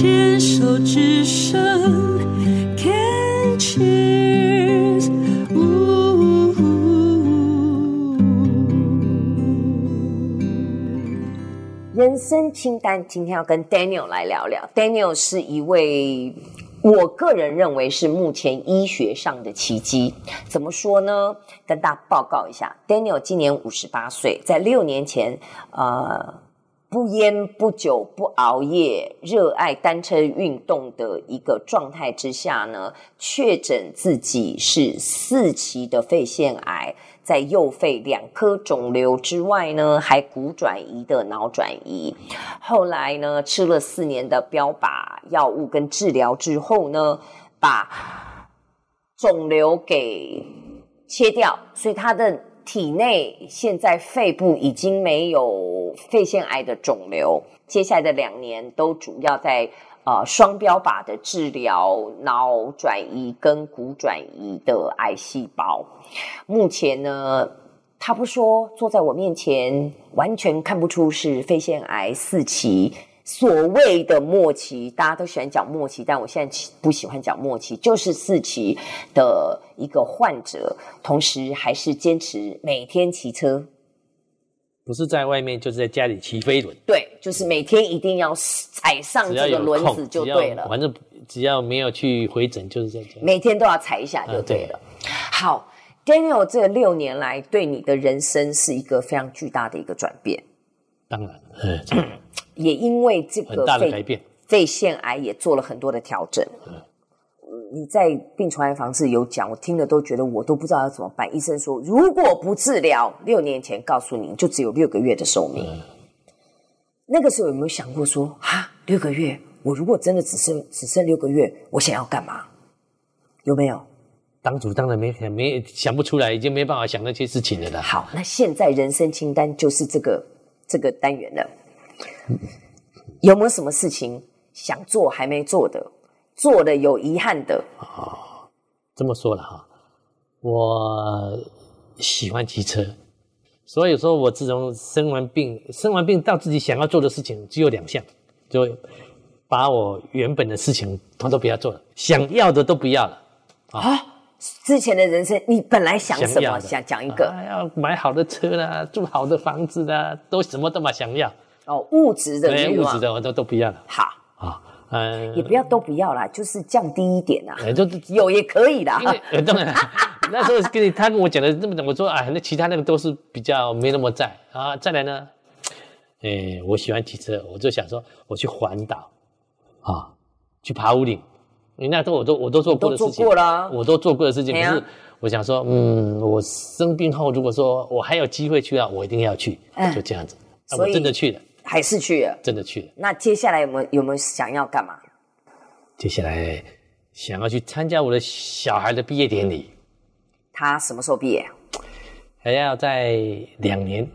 牽手之聲，Can cheers，嗚。人生清單，今天要跟 Daniel 來聊聊。Daniel 是一位，我個人認為是目前醫學上的奇蹟。怎麼說呢？跟大家報告一下，Daniel 今年五十八歲，在六年前，呃。不菸不酒不熬夜，熱愛單車運動的一個狀態之下呢，確診自己是四期的肺腺癌，在右肺兩顆腫瘤之外呢，還骨轉移的腦轉移。後來呢，吃了四年的標靶藥物跟治療之後呢，把腫瘤給切掉，所以他的。體內現在肺部已經沒有肺腺癌的腫瘤，接下來的兩年都主要在呃雙標靶的治療腦轉移跟骨轉移的癌細胞。目前呢，他不說坐在我面前，完全看不出是肺腺癌四期。所謂的末期，大家都喜歡講末期，但我現在不喜歡講末期，就是四期的一個患者，同時還是堅持每天騎車，不是在外面，就是在家裡騎飛輪。對，就是每天一定要踩上這個輪子就對了。反正只要沒有去回診，就是在家裡。每天都要踩一下就對了。啊，對。好，Daniel，這六年來對你的人生是一個非常巨大的一個轉變。當然， 也因為這個肺，很大的改變。肺腺癌也做了很多的調整。你在病床癌防治有講，我聽了都覺得我都不知道要怎麼辦。醫生說，如果不治療，六年前告訴你就只有六個月的壽命。嗯。那個時候有沒有想過說啊，六個月，我如果真的只剩只剩六個月，我想要幹嘛？有沒有？當主當然沒想，沒想不出來，已經沒辦法想那些事情了啦。好，那現在人生清單就是這個這個單元了。 有沒有什麼事情想做還沒做的，做了有遺憾的？哦，這麼說了哈，我喜歡騎車，所以說我自從生完病，生完病到自己想要做的事情只有兩項，就把我原本的事情全都不要做了，想要的都不要了啊、哦哦！之前的人生，你本來想什麼？想講一個，要、哎、買好的車啦、啊，住好的房子啦、啊，都什麼都嘛想要。哦，物質的對、啊，物質的我都都不要了。好，好、哦，嗯、呃，也不要都不要了，就是降低一點啊。哎、就 有也可以的。當然 那時候跟你，他跟我講的這麼，講，我說啊、哎，那其他那個都是比較沒那麼在啊。再來呢，哎，我喜歡騎車，我就想說我去環島啊，去爬武嶺。你那時候我都我都做過的事情，都過我都做過的事情、啊，可是我想說，嗯，我生病後，如果說我還有機會去啊，我一定要去，就這樣子，那、哎啊、我真的去了。還是去了，真的去了。那接下來有沒有有沒有想要幹嘛？接下來想要去參加我的小孩的畢業典禮。他什麼時候畢業？還要在兩年。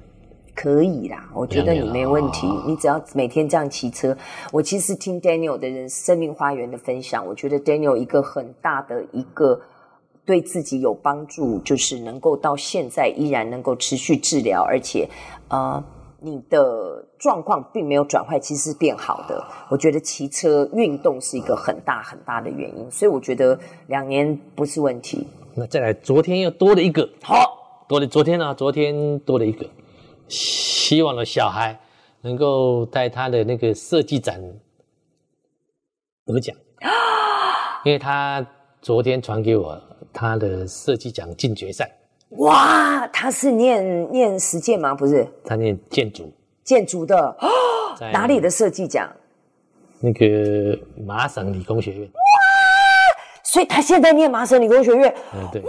可以啦，我覺得你沒問題。你只要每天這樣騎車。哦。我其實聽 Daniel 的人生命花園的分享，我覺得 Daniel 一個很大的一個對自己有幫助，就是能夠到現在依然能夠持續治療，而且，呃。你的狀況並沒有轉壞，其實是變好的。我覺得騎車運動是一個很大很大的原因，所以我覺得兩年不是問題。那再來，昨天又多了一個，好多了。昨天呢，啊，昨天多了一個，希望的小孩能夠在他的那個設計展得獎，因為他昨天傳給我他的設計獎進決賽。哇，他是念念實踐嗎？不是，他念建築，建築的哦，在哪裡的設計獎？那個麻省理工學院。哇，所以他現在念麻省理工學院，嗯對，哇，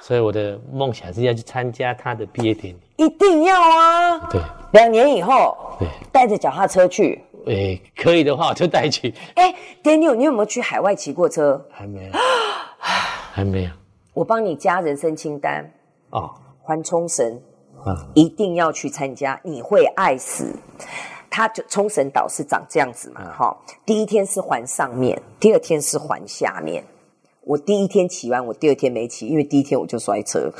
所以我的夢想是要去參加他的畢業典禮，一定要啊，對，兩年以後，對，帶着腳踏車去，誒、欸，可以的話我就帶去。哎、欸，Daniel，你有沒有去海外騎過車？還沒有啊，還沒有。我幫你加人生清單啊、哦，環沖繩啊，一定要去參加，你會愛死。他就沖繩島是長這樣子嘛，哈、嗯。第一天是環上面、嗯，第二天是環下面。我第一天騎完，我第二天沒騎，因為第一天我就摔車。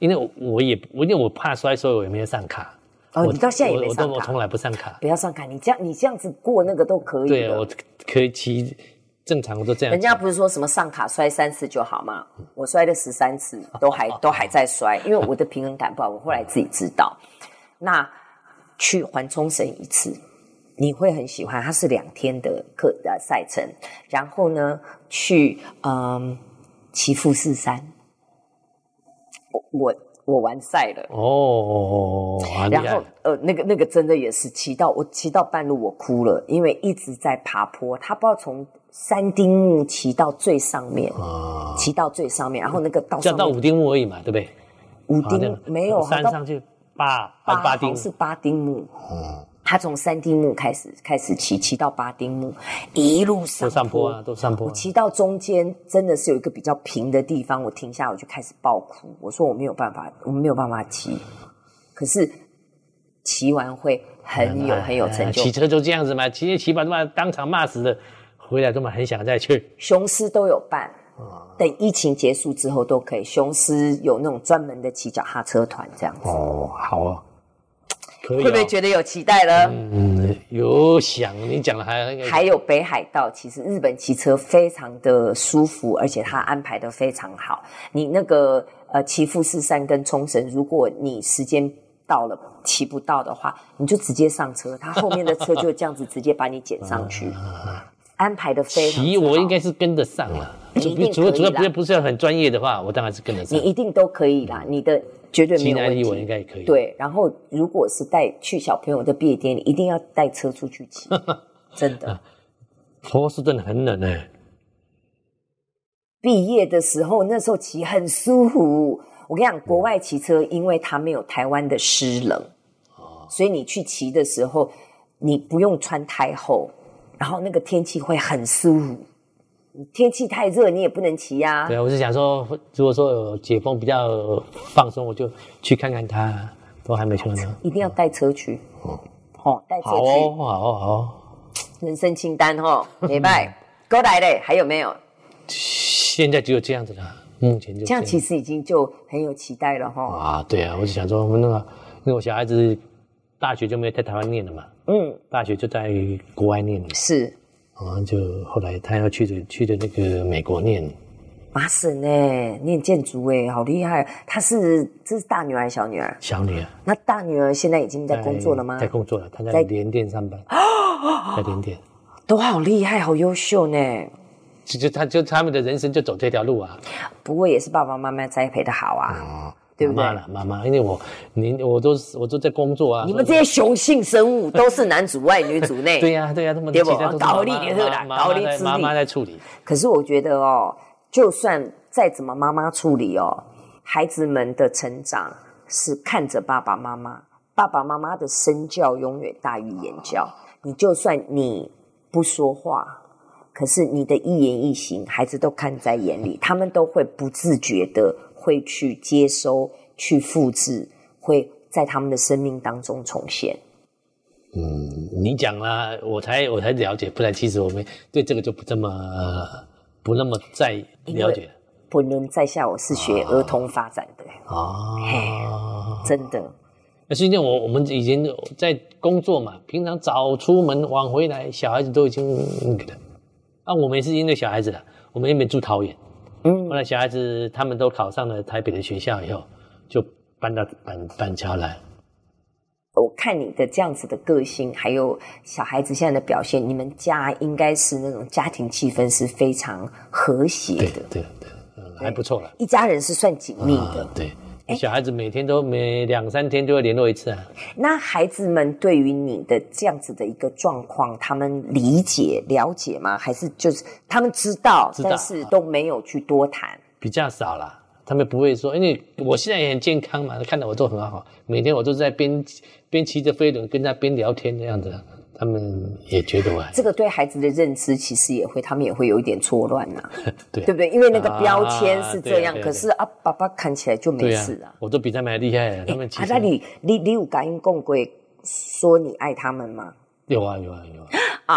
因為我我也，我因為我怕摔，所以我也沒上卡。哦，你到現在也沒上卡，我從來不上卡。不要上卡，你這樣你這樣子過那個都可以。對，我可以騎。正常就都這樣。人家不是說什麼上卡摔三次就好嗎？我摔了十三次，都還 都還在摔，因為我的平衡感不好。我後來自己知道。 那去緩沖繩一次，你會很喜歡。它是兩天的課的賽程，然後呢去嗯、呃、祈富士山。我。我我完賽了哦、啊，然後、啊嗯、呃，那個那個真的也是騎到我騎到半路我哭了，因為一直在爬坡，他不知道從三丁目騎到最上面，騎、啊、到最上面，然後那個到這樣到五丁目而已嘛，對不對？五丁、啊那個、沒有，山上去八八八丁是八丁目是八丁目嗯。他從三丁目開始，開始騎騎到八丁目，一路上坡都上坡啊，都上坡、啊。我騎到中間，真的是有一個比較平的地方，我停下，我就開始爆哭。我說我沒有辦法，我沒有辦法騎、嗯。可是騎完會很有、嗯很，有嗯、很有成就感。騎、嗯、車就這樣子嘛，騎騎完他媽當場罵死的，回來都還很想再去。雄獅都有辦，等疫情結束之後都可以。雄獅有那種專門的騎腳踏車團這樣子。哦，好啊。可以哦，會不會覺得有期待呢？嗯，嗯有想你講的還有那個還有北海道，其實日本騎車非常的舒服，而且他安排的非常好。你那個呃，騎富士山跟沖繩，如果你時間到了騎不到的話，你就直接上車，他後面的車就這樣子直接把你撿上去， 安排的非常好。騎我應該是跟得上啦，主主主要不是不是要很專業的話，我當然是跟得上。你一定都可以啦，你的。絕對沒有問題。對，然後如果是帶去小朋友的畢業典禮，一定要帶車出去騎，真的。波士頓很冷哎。畢業的時候，那時候騎很舒服。我跟你講，國外騎車，因為它沒有台灣的濕冷，啊，所以你去騎的時候，你不用穿太厚，然後那個天氣會很舒服。天氣太熱，你也不能騎呀、啊。對啊，我是想說，如果說有解封比較放鬆，我就去看看他，都還沒去呢。一定要帶車去。嗯喔、哦，好，帶車去。好，好，好。人生清單哦，明白。過 來了，還有沒有？現在只有這樣子了，目前就這、嗯。這樣其實已經就很有期待了哈。啊、喔，對啊，我是想說，我那個，因為我小孩子大學就沒有在台灣念了嘛，嗯，大學就在國外念了。是。然後就後來他要去的去的那個美國念，麻省呢，念建築哎，好厲害！他是這是大女兒還是小女兒？小女兒。那大女兒現在已經在工作了嗎？在工作了，她在聯電上班。在聯電，都好厲害，好優秀呢。其實他就他們的人生就走這條路啊。不過也是爸爸媽媽栽培的好啊。哦。對不對？媽媽了，媽媽，因為我，你，我都我都在工作啊。你們這些雄性生物都是男主外 女主內。對呀、啊，對呀、啊，他們其我他都搞獨立去了，搞獨立，媽媽在處理。可是我覺得哦，就算再怎麼媽媽處理哦，孩子們的成長是看着爸爸媽媽，爸爸媽媽的身教永遠大於言教。你就算你不說話，可是你的一言一行，孩子都看在眼裡，他們都會不自覺的。會去接收、去複製，會在他們的生命當中重現。嗯，你講了，我才我才了解，不然其實我們對這個就不這麼不那麼再了解了。本人在下，我是學兒童發展的哦、啊，真的。那實際上，我我們已經在工作嘛，平常早出門晚回來，小孩子都已經那個了。啊，我們是因為小孩子啦，我們那邊住桃園。嗯、後來小孩子他們都考上了台北的學校以後，就搬到搬搬家來。我看你的這樣子的個性，還有小孩子現在的表現，你們家應該是那種家庭氣氛是非常和諧的。對對對、嗯，還不錯了。一家人是算緊密的。啊、對。嗯，小孩子每天都每兩三天就會聯絡一次啊。那孩子們對於你的這樣子的一個狀況，他們理解了解嗎？還是就是他們知道，知道，但是都沒有去多談。比較少啦，他們不會說，因為我現在也很健康嘛，看到我做很好，每天我都是在邊邊騎着飛輪跟他邊聊天這樣子。嗯他們也覺得我這個對孩子的認知其實也會，他們也會有一點錯亂吶， 對、啊、對不對？因為那個標籤是這樣、啊啊啊啊啊，可是啊，爸爸看起來就沒事了啊。我都比他們還厲害、欸，他們其實。啊、那你你你有跟他們說過說你愛他們嗎？有啊有啊有啊！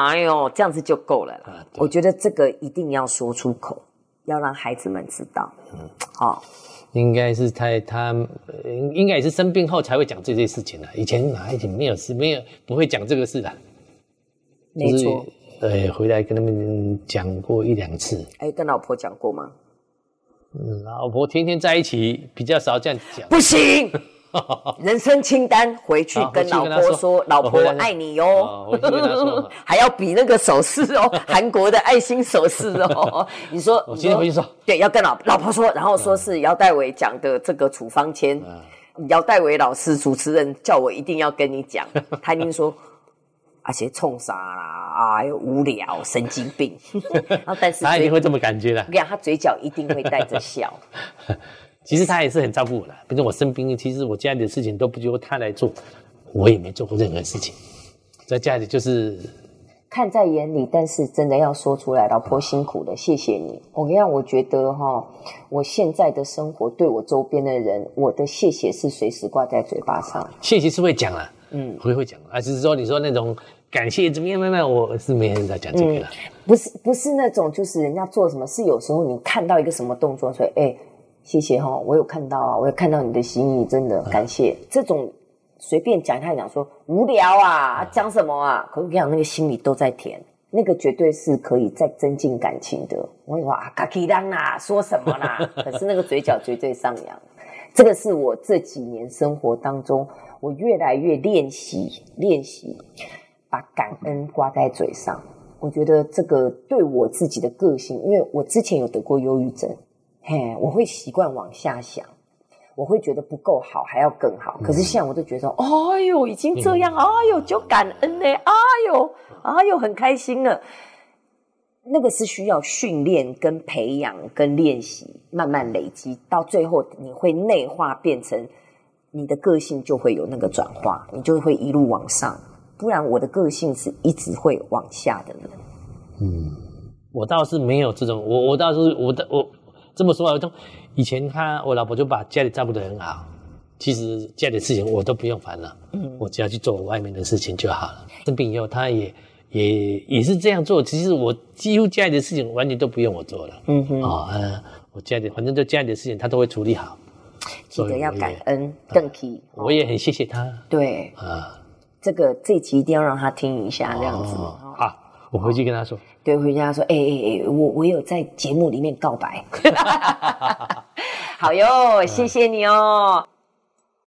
哎呦，這樣子就夠了、啊、我覺得這個一定要說出口，要讓孩子們知道。嗯，好、哦，應該是他他應該也是生病後才會講這些事情了。以前哪裡沒有事，沒有不會講這個事的、啊。沒錯，呃，回來跟他們講過一兩次。誒、哎、跟老婆講過嗎？老婆天天在一起，比較少這樣講。不行， 人生清單回去跟老婆說，說老婆愛你喲、哦。 還要比那個手勢哦， 韓國的愛心手勢哦。你說，我今天回去說，說。對，要跟老老婆說，然後說是姚黛瑋講的這個處方簽，嗯、姚黛瑋老師主持人叫我一定要跟你講。他聽說。 而且衝殺啦？又無聊、啊，神經病。 但是可 他一定會這麼感覺的。我跟你講他嘴角一定會帶着笑。, 其實他也是很照顧我的。畢竟我生病，其實我家裡的事情都不由他來做，我也沒做過任何事情。在家裡就是看在眼裡，但是真的要說出來，老婆辛苦了，謝謝你。我跟你講我覺得哈，我現在的生活對我周邊的人，我的謝謝是隨時掛在嘴巴上。謝謝是會講啊，嗯，會,講啊、會會講，啊，只是說你說那種。感謝，怎麼樣，妹妹？我是沒人在講這個了、嗯。不是，不是那種，就是人家做什麼，是有時候你看到一個什麼動作，說：“哎、欸，謝謝哈、哦，我有看到啊，我有看到你的心意，真的感謝。啊”這種隨便講一下講說無聊啊，講什麼啊？可、啊、是講那個心裡都在甜，那個絕對是可以再增進感情的。我有說啊，卡基當啦，說什麼啦？ 可是那個嘴角絕對上揚， 這個是我這幾年生活當中，我越來越練習練習。把感恩掛在嘴上，我覺得這個對我自己的個性，因為我之前有得過憂鬱症，嘿，我會習慣往下想，我會覺得不夠好，還要更好。可是現在我都覺得說，哎呦，已經這樣，哎呦，就感恩呢、欸，哎呦，哎呦，很開心了。那個是需要訓練、跟培養、跟練習，慢慢累積，到最後你會內化，變成你的個性就會有那個轉化，你就會一路往上。不然我的個性是一直會往下的。嗯，我倒是沒有這種，我我倒是我的我這麼說啊，我都以前他我老婆就把家裡照顧得很好，其實家裡的事情我都不用煩惱，嗯，我只要去做外面的事情就好了。嗯、生病以後，他也也也是這樣做，其實我幾乎家裡的事情完全都不用我做了，嗯嗯、哦啊、我家裡反正就家裡的事情他都會處理好，記得要感恩，啊、更皮、哦。我也很謝謝他，對啊。這個這集一定要讓他聽一下，這樣子。好、哦哦啊，我回去跟他說。對，回去跟他說，誒誒誒我我有在節目裡面告白。 好喲、嗯，謝謝你哦。